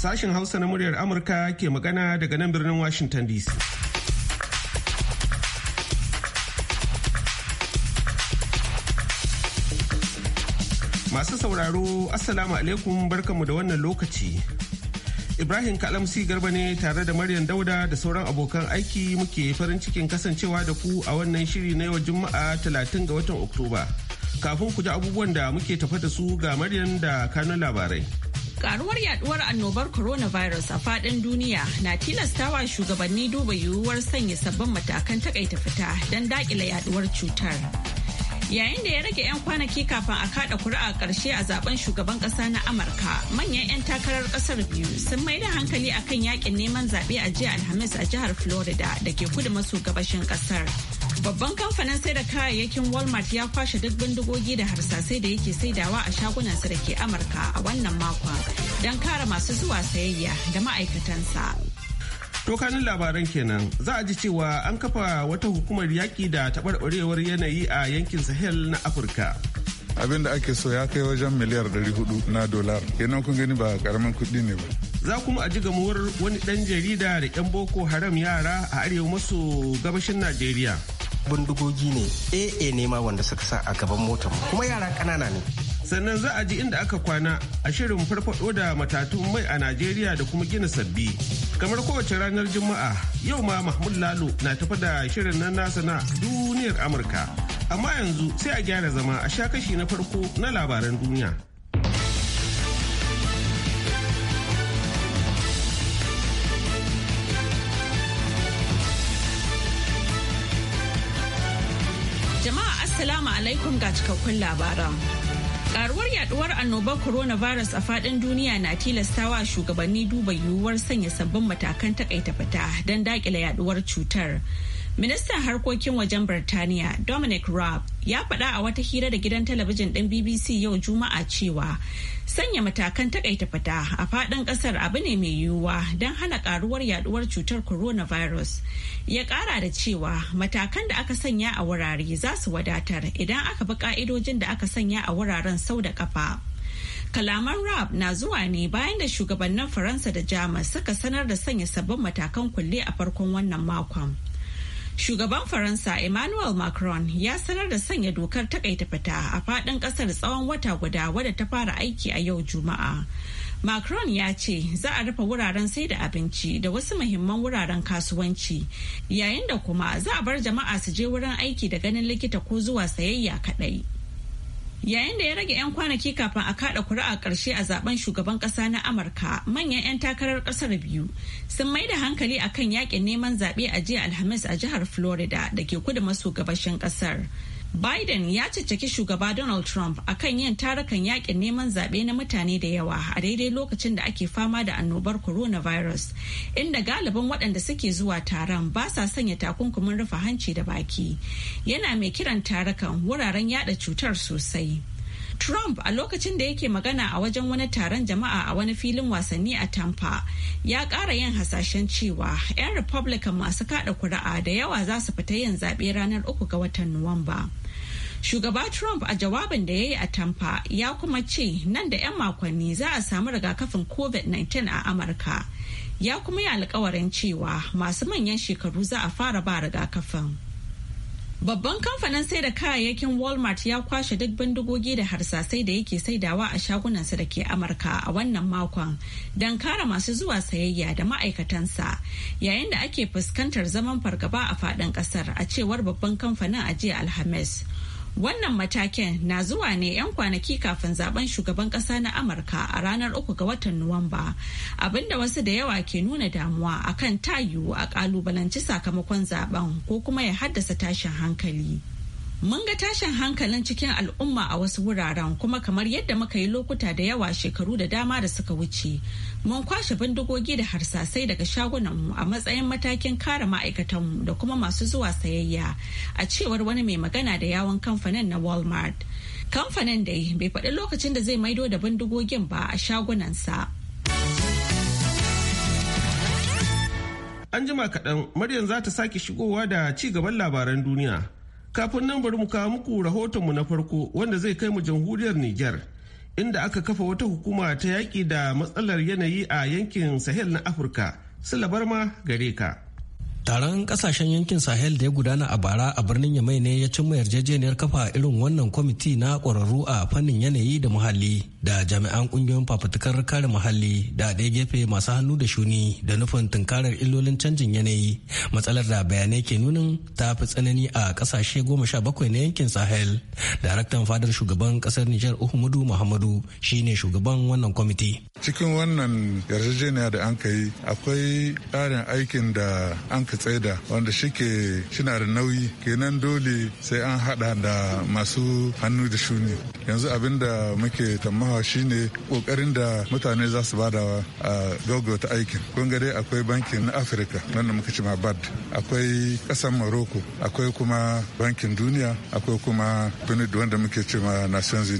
Sashen Hausa na muryar Amurka ke magana daga nan birnin Washington DC. Masu sauraro, Assalamu alaikum barkanmu da wannan lokaci. Ibrahim Kalamsi Garba ne tare da Maryam Dauda da sauran abokan aiki muke farin cikin kasancewa da ku a wannan shiri na yau Juma'a 30 ga watan Oktoba. Kafin ku ji abubuwan da muke tafa da su ga Maryam da kanun labarai. Karuwar yaduwar annobar coronavirus a fadin duniya na tilastawa shugabanni duba yiwuwar sanya sabbin matakan takaita fita don dakile yaduwar cutar. Yayin da ya rage 'yan kwanaki kafin a kada kuri'a karshe a zaben shugaban kasa na Amurka, manyan 'yan takarar kasar biyu sun mai da hankali akan yakin neman zaɓe a jiya Alhamis a jihar Florida da ke kudu maso gabashin kasar. Babban kamfanin sai da kayayyakin Walmart ya kwashe duk bindigogi da harsasai da yake saidawa a shagunansa da ke Amurka a wannan makon don kare masu zuwa sayayya da ma'aikatansa. Tokanin labaran kenan za a ji cewa an kafa wata hukumar yaƙi da taɓarɓarewar yanayi a yankin Sahel na Afirka. Abin da ake so ya kai wajen miliyar 400 na dolar. Kenan kun gani ba karamin kuɗi ne ba. za kuma a ji gamuwar wani ɗan jarida da 'yan boko haram yara a arewa maso gabashin najeriya bindigogi ne AA ne ma wanda suka sa a gaban motar kuma yara ƙanana ne sannan za a ji inda aka kwana a shirin farfado da matatun mai a Najeriya da kuma gina sabbi kamar kowace ranar juma'a yau ma mahmud lalo na tafi da shirin nan nasa na duniyar amurka amma yanzu sai a gyara zama a sha kashi na farko na labaran duniya Jama'a Assalamu alaikum ga cikakkun labaran. Karuwar yaduwar annobar coronavirus a fadin duniya na tilastawa shugabanni duba yiwuwar sanya sabbin matakan takaita fita don dakile yaduwar cutar. Ministan harkokin wajen Birtaniya Dominic Raab ya faɗa a wata hira da gidan talabijin ɗin BBC yau Juma'a cewa sanya matakan takaita fita a faɗin ƙasar abu ne mai yiwuwa don hana ƙaruwar yaduwar cutar coronavirus. Ya ƙara da cewa matakan da aka sanya a wurare za su wadatar idan aka bi ƙa'idojin da aka sanya a wuraren sau da ƙafa. kalaman Raab na zuwa ne bayan da shugabannin faransa da jamus suka sanar da sanya sabbin matakan kulle a farkon wannan makon Shugaban Faransa Emmanuel Macron ya sanar da sanya dokar takaita fita a faɗin ƙasar tsawon wata guda wadda ta fara aiki a yau Juma'a. Macron ya ce za a rufe wuraren sai da abinci da wasu muhimman wuraren kasuwanci yayin da kuma za a bar jama'a su je wurin aiki da ganin likita ko zuwa sayayya kaɗai. Yayin da ya rage 'yan kwanaki kafin a kada kuri'a ƙarshe a zaben shugaban ƙasa na Amurka, manyan 'yan takarar ƙasar biyu sun mai da hankali akan yakin neman zaɓe a jiya Alhamis a jihar Florida da ke kudu maso gabashin ƙasar. Biden ya caccaki shugaba Donald Trump a kan yin tarukan yakin neman zaɓe na mutane da yawa a daidai lokacin da ake fama da annobar coronavirus, inda galibin waɗanda suke zuwa taron ba sa sanya takunkumin rufe hanci da baki. Yana mai kiran tarukan wuraren yada cutar sosai. Trump a lokacin da yake magana a wajen wani taron jama'a a wani filin wasanni a Tampa ya ƙara yin hasashen cewa 'yan Republican masu kada kuri'a da yawa za su fita yin zaɓe ranar uku ga watan Nuwamba. Shugaba Trump a jawabin da ya yi a Tampa ya kuma ce nan da 'yan makonni za a samu rigakafin COVID-19 a Amurka. Ya kuma yi alkawarin cewa masu manyan shekaru za a fara ba rigakafin. Babban kamfanin sai da kayayyakin Walmart ya kwashe duk bindigogi da harsasai da yake saidawa a shagunansa da ke Amurka a wannan makon don kare masu zuwa sayayya da ma'aikatansa yayin da ake fuskantar zaman fargaba a faɗin ƙasar a cewar babban kamfanin a jiya Alhamis. Wannan mataken na zuwa ne 'yan kwanaki kafin zaben shugaban kasa na Amurka a ranar uku ga watan Nuwamba, abinda wasu da yawa ke nuna damuwa akan tayu a kalubalanci sakamakon zaben ko kuma ya haddasa tashin hankali. Mun ga tashin hankalin cikin al'umma a wasu wuraren kuma kamar yadda muka yi lokuta da yawa shekaru da dama da suka wuce. mun kwashe bindigogi da harsasai daga shagunan mu a matsayin matakin kare ma'aikatan mu da kuma masu zuwa sayayya a cewar wani mai magana da yawon kamfanin na walmart kamfanin dai bai faɗi lokacin da zai maido da bindigogin ba a shagunansa an jima kaɗan maryam za ta sake shigowa da ci gaban labaran duniya kafin nan bari mu kawo muku mu na farko wanda zai kai mu jamhuriyar niger inda aka kafa wata hukuma ta yaƙi da matsalar yanayi a yankin sahel na afirka silabar ma gare ka Taron kasashen yankin Sahel da ya gudana a bara a birnin Yamai ne ya cimma yarjejeniyar kafa irin wannan kwamiti na ƙwararru a fannin yanayi da muhalli da jami'an ƙungiyoyin fafutukar kare muhalli da ɗaya gefe masu hannu da shuni da nufin tunkarar illolin canjin yanayi matsalar da bayanai ke nunin ta fi tsanani a ƙasashe goma sha bakwai na yankin Sahel. Daraktan fadar shugaban ƙasar Nijar Uhumudu Muhammadu shine shugaban wannan kwamiti. Cikin wannan yarjejeniya da an kai akwai tsarin aikin da an aka tsaida wanda shike shina da nauyi kenan dole sai an hada da masu hannu da shuni yanzu abin da muke tamaha shine kokarin da mutane za su badawa a gaugauta aikin kun dai akwai bankin na afirka nan da muka ci ma bad akwai kasan morocco akwai kuma bankin duniya akwai kuma benin wanda muke ce ma nations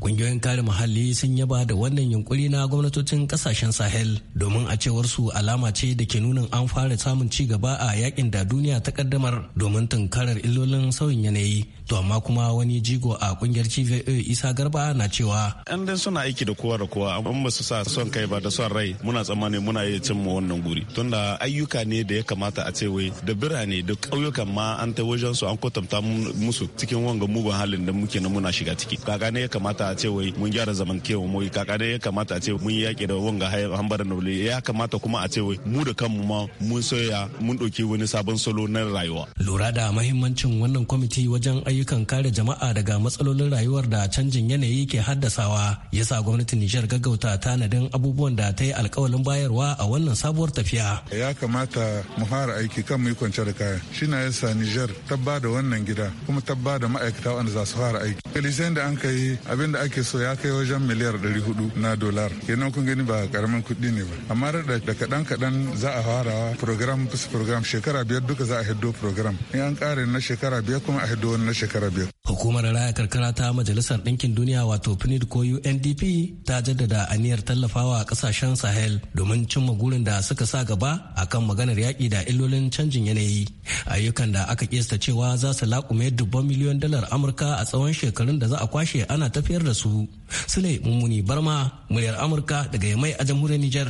kungiyoyin kare muhalli sun yaba da wannan yunkuri na gwamnatocin kasashen Sahel domin a cewar su alama ce da ke nunin an fara samun ci gaba a yakin da duniya ta kaddamar domin tunkarar illolin sauyin yanayi. To amma kuma wani jigo a kungiyar CVA Isa Garba na cewa. An dan suna aiki da kowa da kowa an ba su sa son kai ba da son rai muna tsammani muna iya cimma wannan guri tunda ayyuka ne da ya kamata a ce wai da birane da ƙauyukan ma an ta wajen su an kwatanta musu cikin wanga mugun halin da muke na muna shiga ciki kaga ne ya kamata a ce wai mun gyara zamantakewa mu kaka ya kamata a ce mun yaƙi da wanga hambar nauli ya kamata kuma a ce wai mu da kanmu ma mun soya mun ɗauki wani sabon salo na rayuwa. Lura da mahimmancin wannan kwamiti wajen ayyukan kare jama'a daga matsalolin rayuwar da canjin yanayi ke haddasawa ya sa gwamnati Nijar gaggauta tanadin abubuwan da ta yi alkawalin bayarwa a wannan sabuwar tafiya. Ya kamata mu fara aiki kan mu kwance da kaya. Shi na yasa Nijar tabba da wannan gida kuma tabba da ma'aikata wanda za su fara aiki. kalisiyan da an kai abinda ake so ya kai wajen miliyar 400 na dolar kenan kun gani ba karamin kuɗi ne ba amma da kaɗan kaɗan za a fara program plus program shekara biyar duka za a hiddo program in an ƙare na shekara biyar kuma a hiddo wani na shekara biyar. hukumar raya karkara ta majalisar ɗinkin duniya wato pnid ko undp ta jaddada aniyar tallafawa ƙasashen sahel domin cimma gurin da suka sa gaba akan maganar yaƙi da illolin canjin yanayi ayyukan da aka kista cewa za su laƙume dubban miliyon dalar amurka a tsawon shekarun da za a kwashe ana tafiyar da da su sule mummuni barma muryar amurka daga yamai a jamhuriyar nijar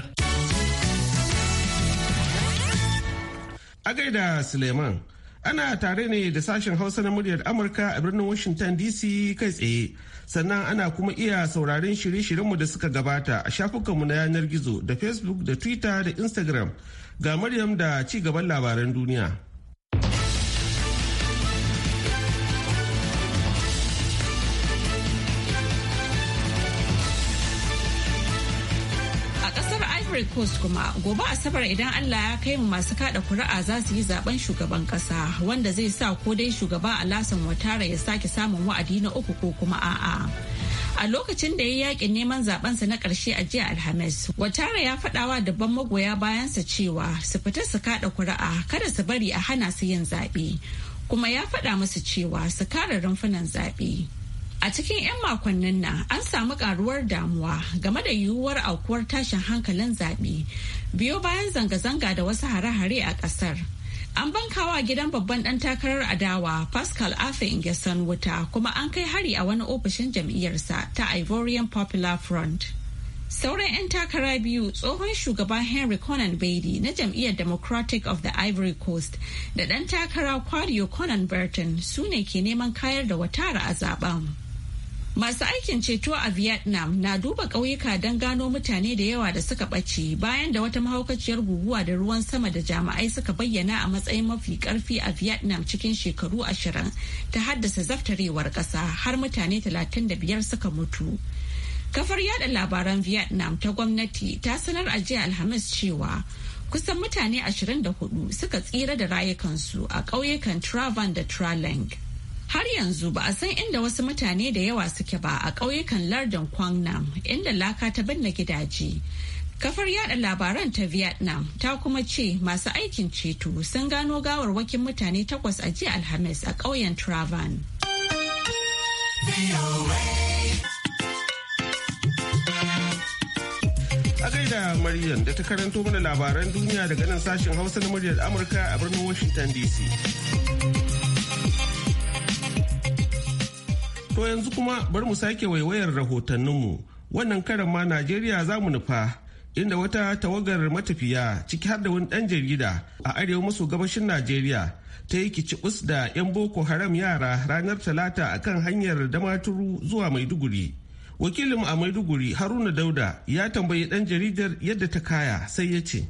a suleiman ana tare ne da sashen hausa na muryar amurka a birnin washington dc kai tsaye sannan ana kuma iya sauraron shirye-shiryenmu da suka gabata a shafukanmu na yanar gizo da facebook da twitter da instagram ga maryam da ci gaban labaran duniya ivory coast kuma gobe asabar idan allah ya kai mu masu kada kuri'a za su yi zaben shugaban kasa wanda zai sa ko dai shugaba alasan watara ya sake samun wa'adi na uku ko kuma a'a a lokacin da ya yakin neman zabensa na karshe a jiya alhamis watara ya faɗawa dabban magoya bayansa cewa su fita su kada kuri'a kada su bari a hana su yin zaɓe kuma ya faɗa musu cewa su kare rumfunan zaɓe. A cikin 'yan makonnin nan an samu karuwar damuwa game da yiwuwar aukuwar tashin hankalin zaɓe biyo bayan zanga-zanga da wasu hare-hare a ƙasar. An bankawa gidan babban ɗan takarar adawa Pascal Afe Ingeson wuta kuma an kai hari a wani ofishin jam'iyyarsa ta Ivorian Popular Front. Sauran 'yan takara biyu tsohon shugaban Henry Conan Bailey na jam'iyyar Democratic of the Ivory Coast da ɗan takara Kwadio Conan Burton su ne ke neman kayar da watara a zaben. Masu aikin ceto a Vietnam na duba ƙauyuka don gano mutane da yawa da suka ɓace bayan da wata mahaukaciyar guguwa da ruwan sama da jami'ai suka bayyana a matsayin mafi ƙarfi a Vietnam cikin shekaru ashirin ta haddasa zaftarewar ƙasa har mutane talatin da biyar suka mutu. Kafar yada labaran Vietnam ta gwamnati ta sanar a jiya Alhamis cewa kusan mutane ashirin da hudu suka tsira da rayukansu a ƙauyukan Travan da Traleng. Har yanzu ba a san inda wasu mutane da yawa suke ba a ƙauyukan lardin Kwangnam inda laka ta binne gidaje. Kafar yada labaran ta Vietnam ta kuma ce masu aikin ceto sun gano gawarwakin mutane takwas a jiya Alhamis a ƙauyen Travan. A gaida Maryam da ta karanto mana labaran duniya daga nan sashen Hausa na muryar Amurka a birnin Washington DC. To yanzu kuma bari mu sake waiwayar rahotanninmu. Wannan karan ma Najeriya za mu nufa inda wata tawagar matafiya ciki har da wani ɗan jarida a arewa maso gabashin Najeriya ta yi kicibus da 'yan Boko Haram yara ranar Talata a kan hanyar Damaturu zuwa Maiduguri. Wakilin a Maiduguri Haruna Dauda ya tambayi ɗan jaridar yadda ta kaya sai ya ce.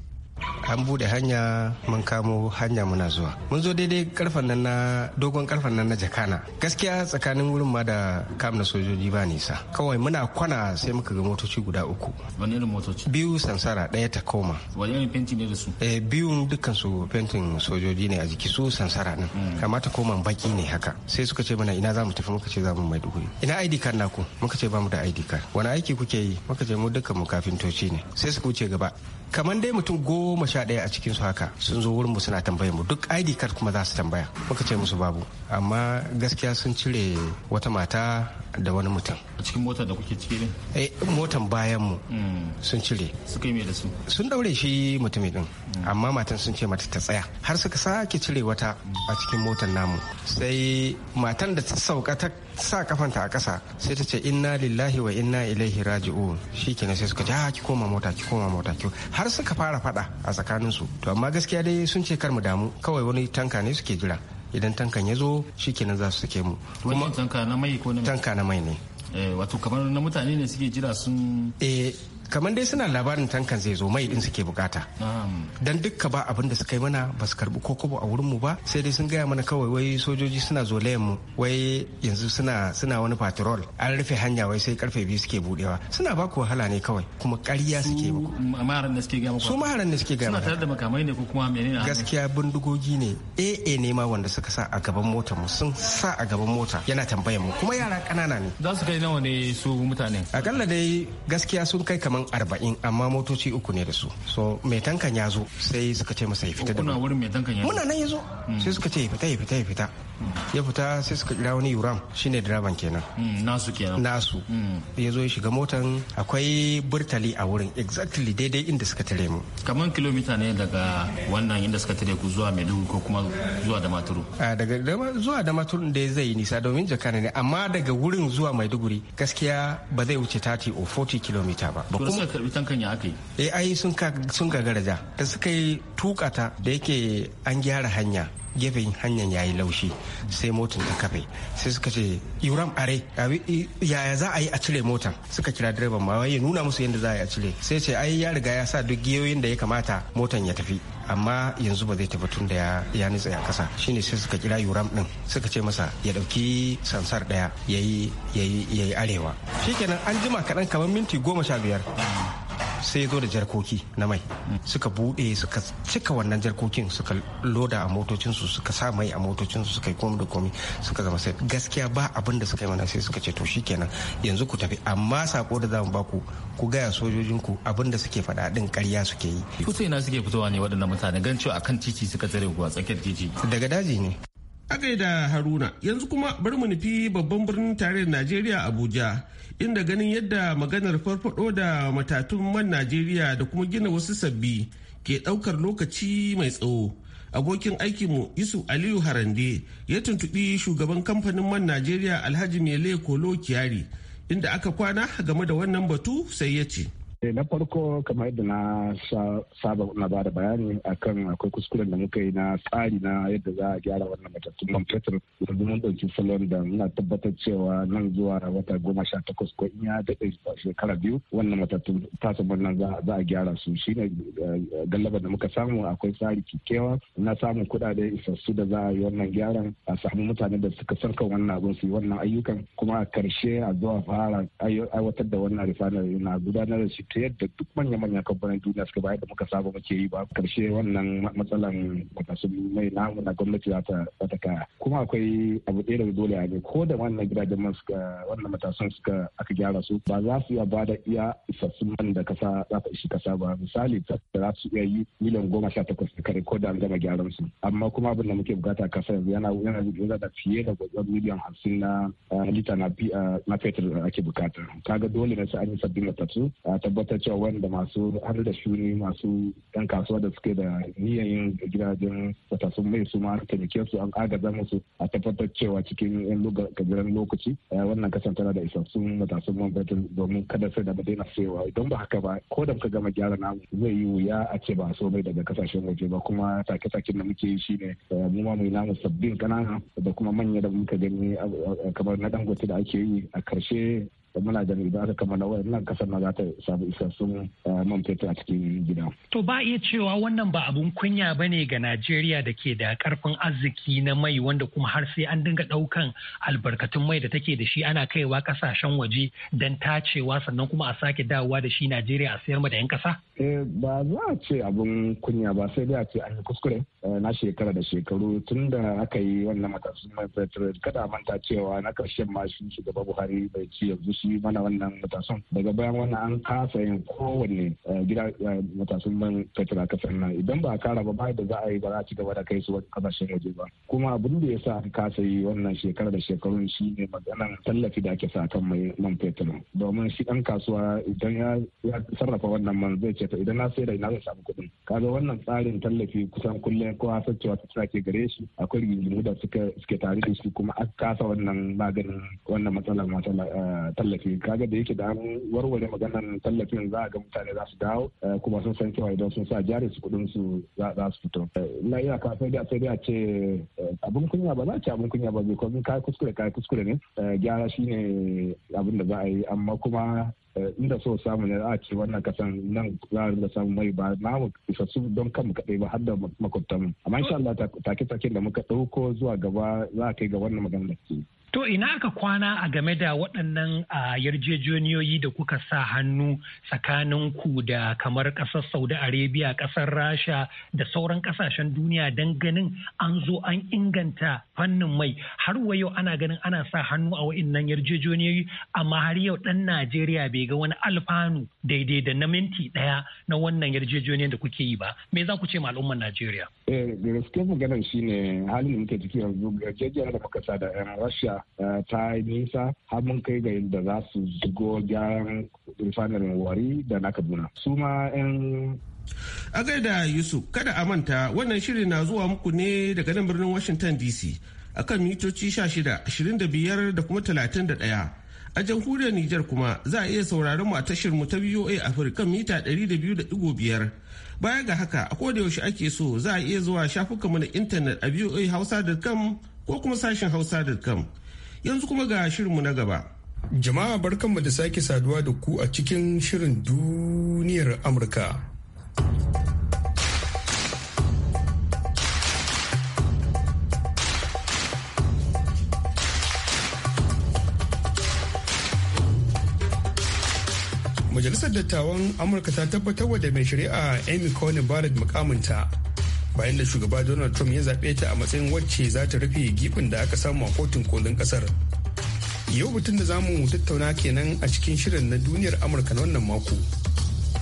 an bude hanya mun kamo hanya muna zuwa mun zo daidai karfan nan na dogon karfan nan na jakana gaskiya tsakanin wurin ma da kam na sojoji ba nisa kawai muna kwana sai muka ga motoci guda uku wani irin motoci biyu sansara ɗaya ta koma wani irin fenti ne da su eh biyun dukkan su fentin sojoji ne a jiki su sansara nan hmm. kamata koma baki ne haka sai suka ce mana ina za mu tafi muka ce za mu maiduguri ina ID card naku muka ce ba mu da ID card wani aiki kuke yi muka ce mu dukkan mu kafintoci ne sai suka wuce gaba kamar dai mutum goma sha ɗaya a cikin su haka sun zo wurin mu suna tambayar mu duk ID card kuma za su tambaya muka ce musu babu amma gaskiya sun cire wata mata da wani mutum a cikin motar da kuke ciki ne eh motan bayan mu hmm. sun cire suka yi da su sun daure shi mutumi din hmm. amma matan sun ce mata ta tsaya har suka sake cire wata a cikin motar namu sai matan da ta sauka ta sa kafanta a ƙasa sai ta ce inna lillahi wa inna ilaihi raji'un kenan sai suka ce ah, ki koma mota ki koma mota ki har suka fara fada a tsakanin su to amma gaskiya dai sun ce kar mu damu kawai wani tanka ne suke jira idan tankan ya zo kenan za su sake mu tanka na mai ko na tanka na mai ne eh, wato kamar na mutane ne suke jira sun eh kamar dai suna labarin tankan zai zo mai din suke bukata dan dukka ba abin da suka yi mana ba su karbi ko kobo a wurin mu ba sai dai sun gaya mana kawai wai sojoji suna zolayen mu wai yanzu suna suna wani patrol an rufe hanya wai sai karfe biyu suke budewa suna ba ku wahala ne kawai kuma ƙarya suke muku maharan da suke gaya muku su maharan da suke gaya suna tare da makamai ne ko kuma menene gaskiya bindigogi ne AA ne ma wanda suka sa a gaban motar mu sun sa a gaban mota yana tambayar mu kuma yara ƙanana ne za su kai nawa ne su mutane akalla dai gaskiya sun kai kamar kaman arba'in amma motoci uku ne da su so mai tankan ya zo sai suka ce masa ya fita da wurin mai tankan ya muna nan ya zo hmm. sai suka ce ya fita ya fita ya fita hmm. ya fita sai suka kira wani uram shine direban kenan hmm, nasu kenan nasu ya zo ya shiga motan akwai burtali a wurin exactly daidai inda suka tare mu kaman kilomita ne daga wannan inda suka tare ku zuwa maiduguri ko kuma zuwa da maturu daga zuwa da maturu da zai yi nisa domin jakana ne amma daga wurin zuwa maiduguri gaskiya ba zai wuce 30 or 40 kilomita ba to suka karbi tankan ya aka yi eh ai sun ka sun da suka yi tuka da yake an gyara hanya gefen hanyar yayi laushi sai motan ta kafe sai suka ce yuram are yaya za a yi a cire motan suka kira direban ma ya nuna musu yadda za a yi a cire sai ce ai ya riga ya sa duk giyoyin da ya kamata motan ya tafi amma yanzu ba zai tafi tun da ya nutsa a kasa shine sai suka kira yuram din suka ce masa ya dauki sansar daya yayi yayi arewa shikenan an jima kaɗan kamar minti goma sha biyar sai ya zo da jarkoki na mai suka bude suka cika wannan jarkokin suka loda a motocinsu suka sa mai a motocinsu suka yi komi da komi suka zama sai gaskiya ba abin da suka yi mana sai suka ce to kenan yanzu ku tafi amma sako da zamu baku ku gaya sojojinku abin da suke faɗa din ƙarya suke yi sai na suke fitowa ne waɗannan mutane gan cewa akan titi suka tsare ku a tsakiyar titi daga daji ne a gaida haruna yanzu kuma bari mu nufi babban birnin tarayyar najeriya abuja inda ganin yadda maganar farfado da matatun man najeriya da kuma gina wasu sabbi ke ɗaukar lokaci mai tsawo abokin aikinmu isu aliyu harande ya tuntuɓi shugaban kamfanin man najeriya alhaji mele kolo kiyari inda aka kwana game da wannan batu sai ya ce Eh, na farko kamar yadda na saba na ba da bayani akan akwai kuskuren da muka yi na tsari na yadda za a gyara wannan matattun man fetur yanzu mun ɗauki salon da muna tabbatar cewa nan zuwa wata goma sha takwas ko in ya daɗe shekara biyu wannan matattun tasamar nan za a gyara su shi ne eh, gallaba da muka samu akwai tsari kikewa na samun kuɗaɗe isassu da za a yi wannan gyaran a samu mutane da suka sarka wannan abin su yi wannan ayyukan kuma a karshe a zuwa fara aiwatar da wannan rifanar na gudanar da shi ta yadda duk manya-manyan kamfanin duniya suka bayar da muka saba muke yi ba karshe wannan matsalan makasun mai namu na gwamnati za ta kaya kuma akwai abu ɗaya da dole a ne ko da wannan gidajen man suka wannan matasan suka aka gyara su ba za su iya ba da iya isassun man da kasa za ta ishi kasa ba misali da za su iya yi miliyan goma sha takwas da kare ko da an gama gyaran su amma kuma abin da muke bukata kasa yanzu yana yana da fiye da miliyan hamsin na lita na fetur ake bukata kaga dole ne sai an yi sabbin matatu ta tabbatar cewa wanda masu har da shuni masu yan kasuwa da suke da niyan yin gidajen matasun mai su ma taimake su an agaza musu a tabbatar cewa cikin yan gajeren lokaci eh, wannan kasan tana da isassun matasun man fetur domin kada sai da daina sayowa idan ba haka ba ko da muka gama gyara namu zai yi wuya a ce ba so mai daga kasashen waje ba kuma take-taken da muke yi shine eh, mu ma mu yi namu sabbin kanana da kuma manya da muka gani eh, kamar na dangote da ake yi a karshe da muna ganin idan aka wayar nan kasar na za ta samu isassun ah, man fetur a cikin gida. To ba iya cewa wannan ba abun kunya ba ne ga Najeriya da ke da karfin arziki na mai wanda kuma har sai an dinga daukan albarkatun mai da take da shi ana kaiwa kasashen waje don tacewa sannan kuma a sake dawowa da shi Najeriya a sayar da 'yan kasa? Eh, ba za a ce abun kunya ba sai dai a ce an yi kuskure eh, na shekara da shekaru tun da aka yi wannan matasun mai fetur kada manta cewa na karshen ma shi shugaba Buhari bai ci yanzu shi mana wannan matasan daga bayan wannan an kasa yin kowanne eh, gida eh, matasan man fetur a kasar nan idan ba a kara ba ba da za a yi ba za a ci gaba da kai su kasashen waje ba kuma abin da ya sa an kasa yi wannan shekarar da shekarun shi ne maganan tallafi da ake sa kan mai man fetur domin shi dan kasuwa idan ya sarrafa wannan man zai ce ta idan na sai da ina zai samu kuɗin kaga wannan tsarin tallafi kusan kullum kowa sacewa ta sake gare shi akwai rigingimu da suka suke tare da shi kuma aka kasa wannan maganin wannan matsalar eh, tallafi kaga da yake da an warware maganar tallafin za a ga mutane za su dawo eh, kuma sun san cewa idan sun sa jari su kudin su za su fito eh, na iya ka sai da sai da ce abun kunya ba za ce abun kunya ba ko kai kuskure kai kuskure ne gyara shine abin da za a yi amma kuma Eh, in da so samu ne a ce wannan kasan nan za a samu mai ba na mu isassu don kanmu kaɗai ba har da mu amma insha Allah take-taken da muka ɗauko zuwa gaba za a kai ga wannan magana da To ina aka kwana a game da waɗannan yarjejeniyoyi da kuka sa hannu tsakanin ku da kamar ƙasar Saudi Arabia, ƙasar Rasha da sauran ƙasashen duniya don ganin an zo an inganta fannin mai har wa yau ana ganin ana sa hannu a waɗannan yarjejeniyoyi amma har yau ɗan Najeriya bai ga wani alfanu daidai da na minti ɗaya na wannan yarjejeniyoyin da kuke yi ba. Me za ku ce ma al'ummar Najeriya? Eh, da gaske maganar shi ne halin da muke ciki yanzu gajejiyar da muka sa da yan eh, rasha eh, ta yi nisa har mun kai ga yadda za su shigo gyaran refinery wari da na kaduna su ma yan a gaida yusuf kada a manta wannan shirin na zuwa muku ne daga nan birnin washington dc akan mitoci 16 25 da kuma 31 a jamhuriyar Nijar kuma za a iya sauraron mu a tashar mu ta VOA Africa mita 200.5 Baya ga haka a yaushe ake so za a iya zuwa shafukanmu na intanet a kam ko kuma sashen hausa.com. Yanzu kuma ga shirinmu na gaba. Jama'a barkanmu da sake saduwa da ku a cikin shirin duniyar Amurka. majalisar dattawan amurka ta tabbatar da mai shari'a amy coney barrett mukaminta bayan da shugaba donald trump ya zaɓe ta a matsayin wacce za ta rufe gibin da aka samu a kotun kolin ƙasar yau mutum da zamu tattauna kenan a cikin shirin na duniyar amurka na wannan mako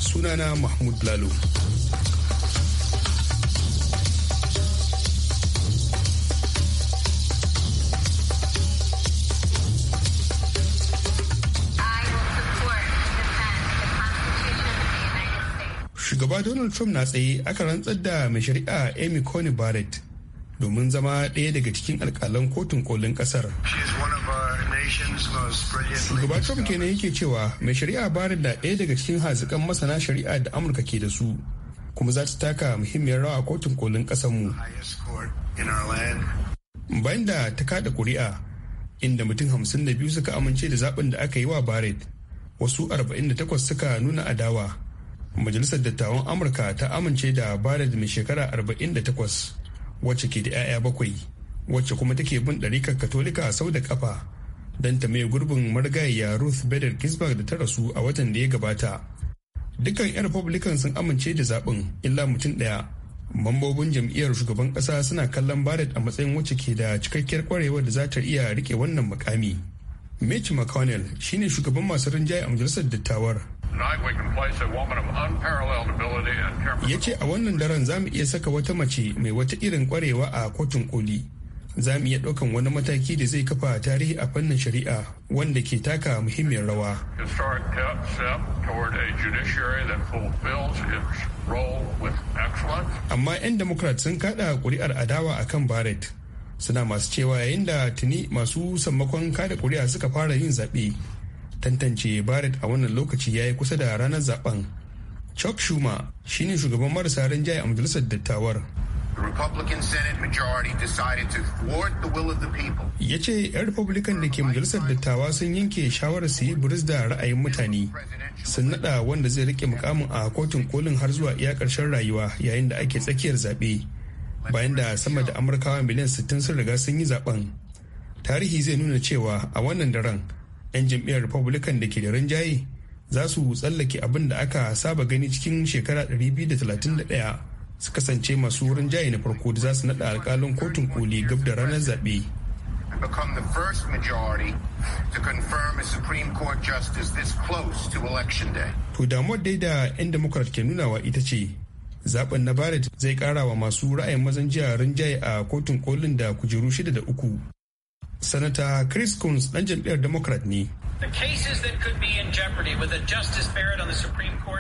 sunana mahmud lalo shugaba donald trump na tsaye aka rantsar da mai shari'a amy coney barrett domin zama ɗaya daga cikin alkalan kotun kolin ƙasar. Shugaba Trump kenan yake cewa mai shari'a barrett da ɗaya daga cikin hazikan masana shari'a da Amurka ke da su, kuma za ta taka muhimmiyar rawa kotun kolin mu. Bayan da ta kada kuri'a, inda mutum hamsin da biyu suka amince da zaben da aka yi wa Barrett, wasu arba'in da takwas suka nuna adawa. majalisar dattawan amurka ta amince da barad mai shekara 48 wacce ke da 'ya'ya bakwai wacce kuma take bin ɗarikar katolika sau da kafa don ta mai gurbin marigayya ruth bader ginsburg da ta rasu a watan da ya gabata dukkan 'yan republican sun amince da zaben illa mutum ɗaya mambobin jam'iyyar shugaban ƙasa suna kallon barad a matsayin wacce ke da cikakkiyar kwarewar da za ta iya rike wannan mukami mitch mcconnell shine shugaban masu rinjaye a majalisar dattawar ya ce a wannan daren za mu iya saka wata mace mai wata irin kwarewa a kotun koli za mu iya ɗaukan wani mataki da zai kafa tarihi a fannin shari'a wanda ke taka muhimmiyar rawa amma 'yan democrat sun kaɗa kuri'ar adawa a kan barrett suna masu cewa yayin da tuni masu sammakon kada kuri'a suka fara yin zaɓe tantance barrett a wannan lokaci ya yi kusa da ranar zaben chuck schumer shi ne shugaban marasa rinjaye a majalisar dattawar ya ce 'yan republican da ke majalisar dattawa sun yanke shawarar su yi buris da ra'ayin mutane sun nada wanda zai rike mukamin a kotun kolin har zuwa iya karshen rayuwa yayin da ake tsakiyar zaɓe bayan da sama da amurkawa miliyan 60 sun riga sun yi zaben tarihi zai nuna cewa a wannan daren 'yan jam'iyyar republican da ke da rinjaye za su tsallake abin da aka saba gani cikin shekara 231 su kasance masu rinjaye na farko da za su naɗa alkalin kotun koli gab da ranar zaɓe. to confirm damuwar dai da 'yan Democrat ke nunawa ita ce, zaben na Barrett zai kara wa masu ra'ayin mazan jiya rinjaye a kotun kolin da kujeru shida da uku Sanata Chris Coons ɗan jam'iyyar Democrat ne.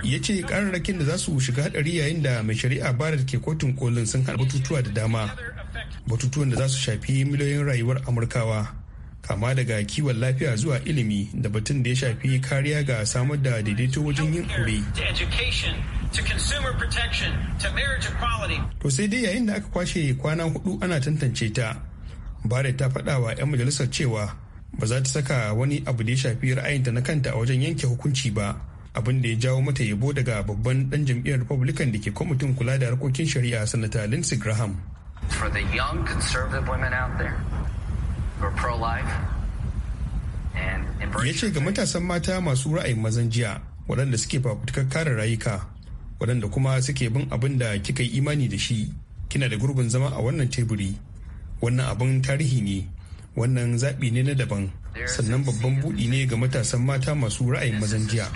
Ya ce ƙararrakin da za su shiga hadari yayin da mai shari'a Barrett ke kotun kolin sun haɗa batutuwa da dama. Batutuwan da za su shafi miliyoyin rayuwar Amurkawa. Kama daga kiwon lafiya zuwa ilimi da batun da ya shafi kariya ga samar da daidaito wajen yin aure. To sai dai yayin da aka kwashe kwana hudu ana tantance ta bare ta faɗa wa 'yan majalisar cewa ba za ta saka wani abu da ya shafi ra'ayinta na kanta a wajen yanke hukunci ba abin da ya jawo mata yabo daga babban dan jam'iyyar republican da ke kwamitin kula da harkokin shari'a sanata lindsey graham ya ce ga matasan mata masu ra'ayin mazan jiya waɗanda suke fafutukar kare rayuka waɗanda kuma suke bin abin da kika yi imani da shi kina da gurbin zama a wannan teburi wannan abin tarihi ne wannan zaɓi ne na daban sannan babban buɗi ne ga matasan mata masu ra'ayin mazan jiya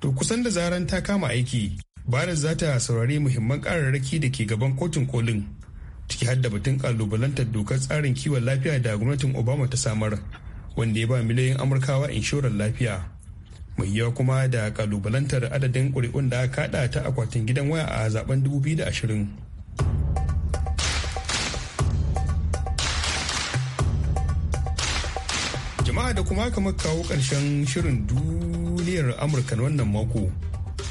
to kusan da zaran ta kama aiki baris za ta saurari muhimman ƙararraki da ke gaban kotun kolin ciki har da batun kalubalantar dokar tsarin kiwon lafiya da gwamnatin obama ta samar wanda ya ba miliyoyin amurkawa inshorar lafiya mai yawa kuma da kalubalantar adadin ƙuri'un da kaɗa ta akwatin gidan waya a zaben 2020 jama'a da kuma kamar kawo ƙarshen shirin duniyar amurka na wannan mako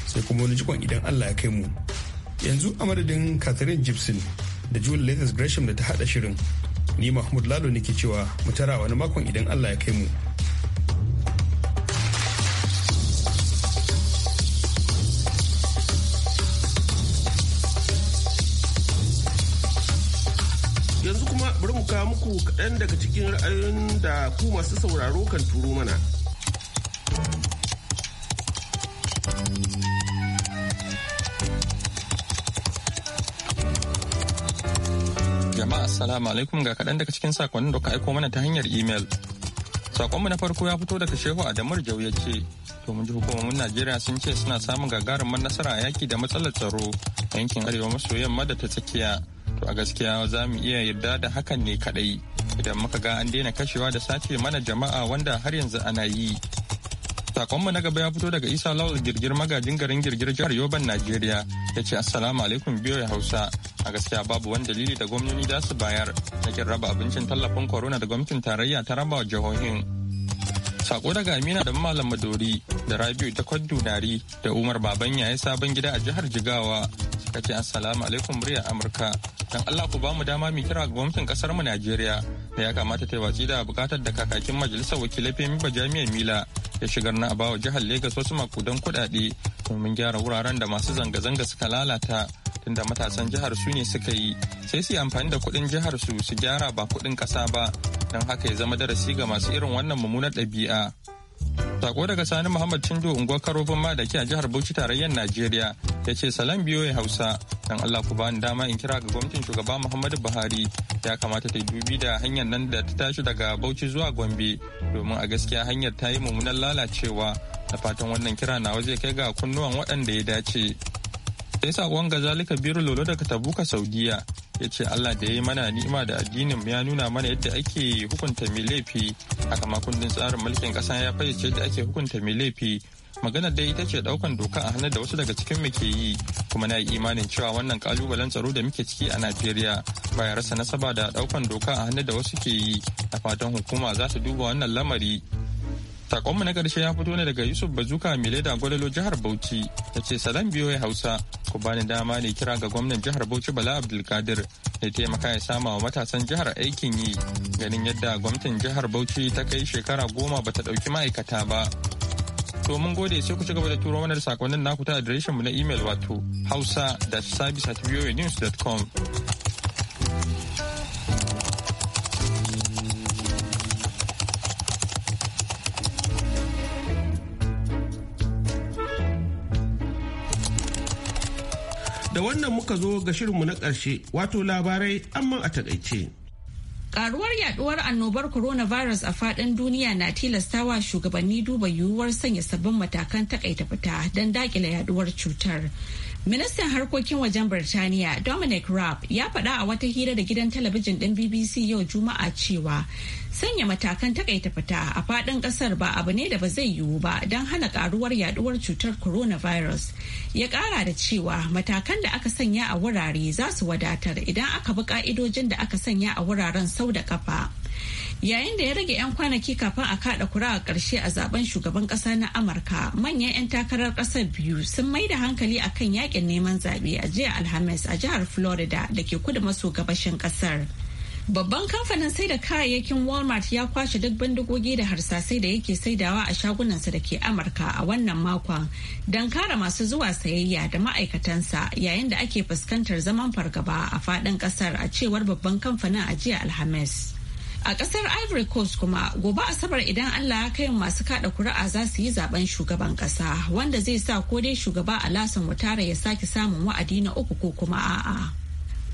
sai kuma wani jikon idan allah ya kai mu yanzu a madadin catherine gibson da jule latest gresham da ta hada shirin ni mahmud lalo ne ke cewa mu tara wani makon idan allah ya kai mu muku kaɗan daga cikin ra'ayoyin da ku masu sauraro kan turo mana. Jama'a Assalamu alaikum ga kaɗan daga cikin sakonnin da ka aiko mana ta hanyar imel. Sakonmu na farko ya fito daga Shehu Adamar Jau ya ce, to mun ji hukumomin Najeriya sun ce suna samun gagarumar nasara a yaki da matsalar tsaro a yankin arewa maso yamma da ta tsakiya. to a gaskiya za mu iya yarda da hakan ne kadai idan muka ga an daina kashewa da sace mana jama'a wanda har yanzu ana yi sakonmu na gaba ya fito daga isa lawal girgir magajin garin girgir jihar yoban najeriya ya ce assalamu alaikum biyo ya hausa a gaskiya babu wani dalili da gwamnoni za su bayar na kin raba abincin tallafin corona da gwamnatin tarayya ta raba wa jihohin sako daga amina da malam madori da rabiu ta dari da umar baban ya sabon gida a jihar jigawa ka ce assalamu alaikum muryar amurka dan allah ku bamu dama mu kira gwamnatin kasar mu najeriya da ya kamata ta watsi da bukatar da kakakin majalisar wakilai femi jami'ar mila ya shigar na abawa jihar lagos wasu makudan kudade domin gyara wuraren da masu zanga-zanga suka lalata tunda matasan jihar su ne suka yi sai su yi amfani da kuɗin jihar su su gyara ba kuɗin ƙasa ba don haka ya zama darasi ga masu irin wannan mummunar ɗabi'a. Sako daga Sani Muhammad Cindo unguwar Karofin Madaki a jihar Bauchi tarayyar Najeriya ya ce salam biyo ya hausa dan allah ku bani dama in kira ga gwamnatin shugaba muhammadu buhari ya kamata ta dubi da hanyar nan da ta tashi daga bauchi zuwa gombe domin a gaskiya hanyar ta yi mummunan lalacewa da fatan wannan kira na zai kai ga kunnuwan waɗanda ya dace sai sakon zalika biru lolo daga tabuka saudiya ya ce allah da ya yi mana ni'ima da addinin ya nuna mana yadda ake hukunta mai laifi haka ma kundin tsarin mulkin ƙasa ya fayyace yadda ake hukunta mai laifi magana dai ita ce daukan doka a hannun da wasu daga cikin mu ke yi kuma na yi imanin cewa wannan kalubalen tsaro da muke ciki a najeriya baya rasa nasaba da daukan doka a hannun da wasu ke yi a fatan hukuma za ta duba wannan lamari sakonmu na karshe ya fito ne daga yusuf bazuka leda gwalolo jihar bauchi ta ce salam biyo ya hausa ku bani dama ne kira ga gwamnan jihar bauchi bala abdulkadir da taimaka ya sama wa matasan jihar aikin yi ganin yadda gwamnatin jihar bauchi ta kai shekara goma bata dauki ma'aikata ba To mun gode sai ku ci gaba da turo mana da sakonnin naku ta adireshin mu na email wato hausa da service at Da wannan muka zo ga shirinmu na ƙarshe wato labarai amma a takaice. Karuwar yaduwar annobar coronavirus a faɗin duniya na tilastawa shugabanni duba yiwuwar sanya sabbin matakan takaita fita don dakile yaduwar cutar. Ministan harkokin wajen Birtaniya Dominic Raab ya faɗa a wata hira da gidan talabijin ɗin BBC yau Juma'a cewa sanya matakan takaita fita a fadin kasar ba abu ne da ba zai yiwu ba don hana karuwar yaduwar cutar coronavirus ya kara da cewa matakan da aka sanya a wurare za su wadatar idan aka bi ka'idojin da aka sanya a wuraren sau da kafa yayin da ya rage 'yan kwanaki kafin a kada kura a karshe a zaben shugaban kasa na amurka manyan 'yan takarar kasar biyu sun mai da hankali akan yakin neman zaɓe a jiya alhamis a jihar florida da ke kudu maso gabashin kasar. Babban kamfanin sai da kayayyakin Walmart ya kwashe duk bindigogi da harsasai da yake saidawa a shagunansa da ke Amurka a wannan makon don kare masu zuwa sayayya da ma'aikatansa yayin da ake fuskantar zaman fargaba a faɗin ƙasar a cewar babban kamfanin a jiya Alhamis. A ƙasar Ivory Coast kuma gobe Asabar idan Allah ya kai masu kaɗa kuri'a za su yi zaben shugaban ƙasa wanda zai sa ko dai shugaba lasan Ouattara ya sake samun wa'adi na uku ko kuma a'a.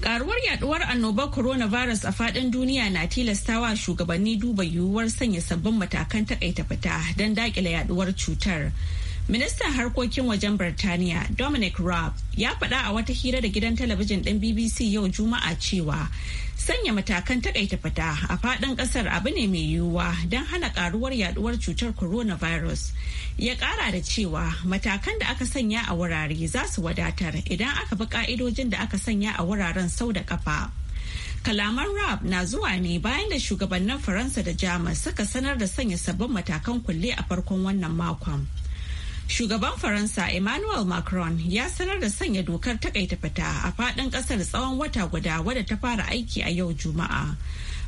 Karuwar yaduwar annobar coronavirus a fadin duniya na tilastawa shugabanni duba yiwuwar sanya sabbin matakan takaita fita don dakile yaduwar cutar. Ministan harkokin wajen Birtaniya Dominic Raab ya faɗa a wata hira da gidan talabijin ɗin BBC yau Juma'a cewa sanya matakan takaita fita a faɗin ƙasar abu ne mai yiwuwa don hana ƙaruwar yaduwar cutar coronavirus. Ya ƙara da cewa matakan da aka sanya a wurare za su wadatar idan aka bi ƙa'idojin da aka sanya a wuraren sau da ƙafa. kalaman Raab na zuwa ne bayan da shugabannin faransa da jamus suka sanar da sanya sabbin matakan kulle a farkon wannan makon Shugaban Faransa Emmanuel Macron ya sanar da sanya dokar takaita fita a faɗin ƙasar tsawon wata guda wadda ta fara aiki a yau Juma'a.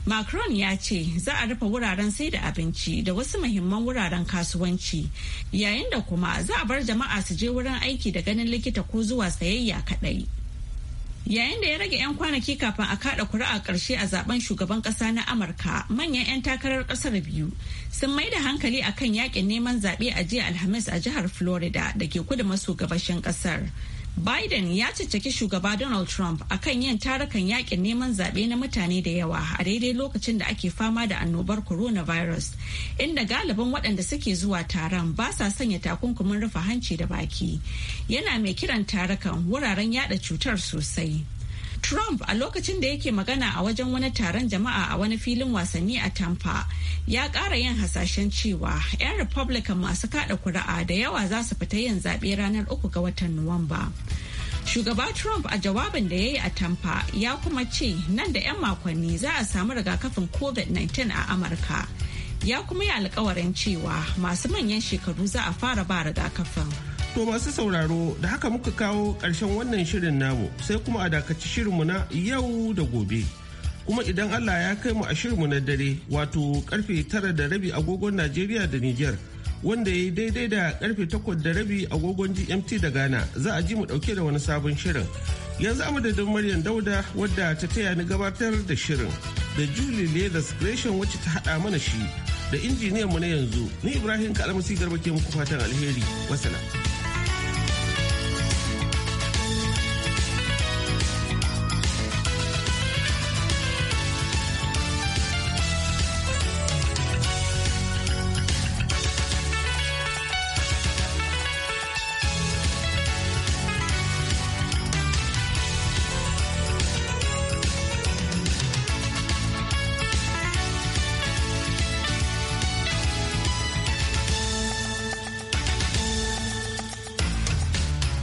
Macron ya ce za a rufe wuraren sai da abinci da wasu muhimman wuraren kasuwanci yayin da kuma za a bar jama'a su je wurin aiki da ganin likita ko zuwa sayayya kaɗai. Yayin da ya rage 'yan kwanaki kafin a kada kuri'a ƙarshe a zaben shugaban ƙasa na Amurka, manyan 'yan takarar ƙasar biyu sun mai da hankali a kan yakin neman zaɓe a jiya Alhamis a jihar Florida da ke kudu maso gabashin ƙasar. Biden ya caccaki shugaba Donald Trump a kan yin tarukan yakin neman zaɓe na mutane da yawa a daidai lokacin da ake fama da annobar coronavirus, inda galibin waɗanda suke zuwa taron ba sa sanya takunkumin rufe hanci da baki. Yana mai kiran tarukan wuraren yada cutar sosai. Trump a lokacin da yake magana a wajen wani taron jama'a a wani filin wasanni a Tampa ya ƙara yin hasashen cewa 'yan Republican masu kada kuri'a da yawa za su fita yin zaɓe ranar uku ga watan Nuwamba. Shugaba Trump a jawabin da ya yi a Tampa ya kuma ce nan da 'yan makonni za a samu rigakafin COVID-19 a Amurka. Ya kuma yi alkawarin cewa masu manyan shekaru za a fara ba rigakafin. To masu sauraro da haka muka kawo ƙarshen wannan shirin namu sai kuma a dakaci shirinmu na yau da gobe. Kuma idan Allah ya kai mu a shirinmu na dare wato karfe tara da rabi agogon Najeriya da Nijar wanda ya yi daidai da karfe takwas da rabi agogon GMT da Ghana za a ji mu dauke da wani sabon shirin. Yanzu amadadin Maryam Dauda wadda ta taya ni gabatar da shirin da Julie Leathers Gresham wacce ta haɗa mana shi da injiniyan mu na yanzu ni Ibrahim Kalamusi Garba ke muku fatan alheri. Wasalam.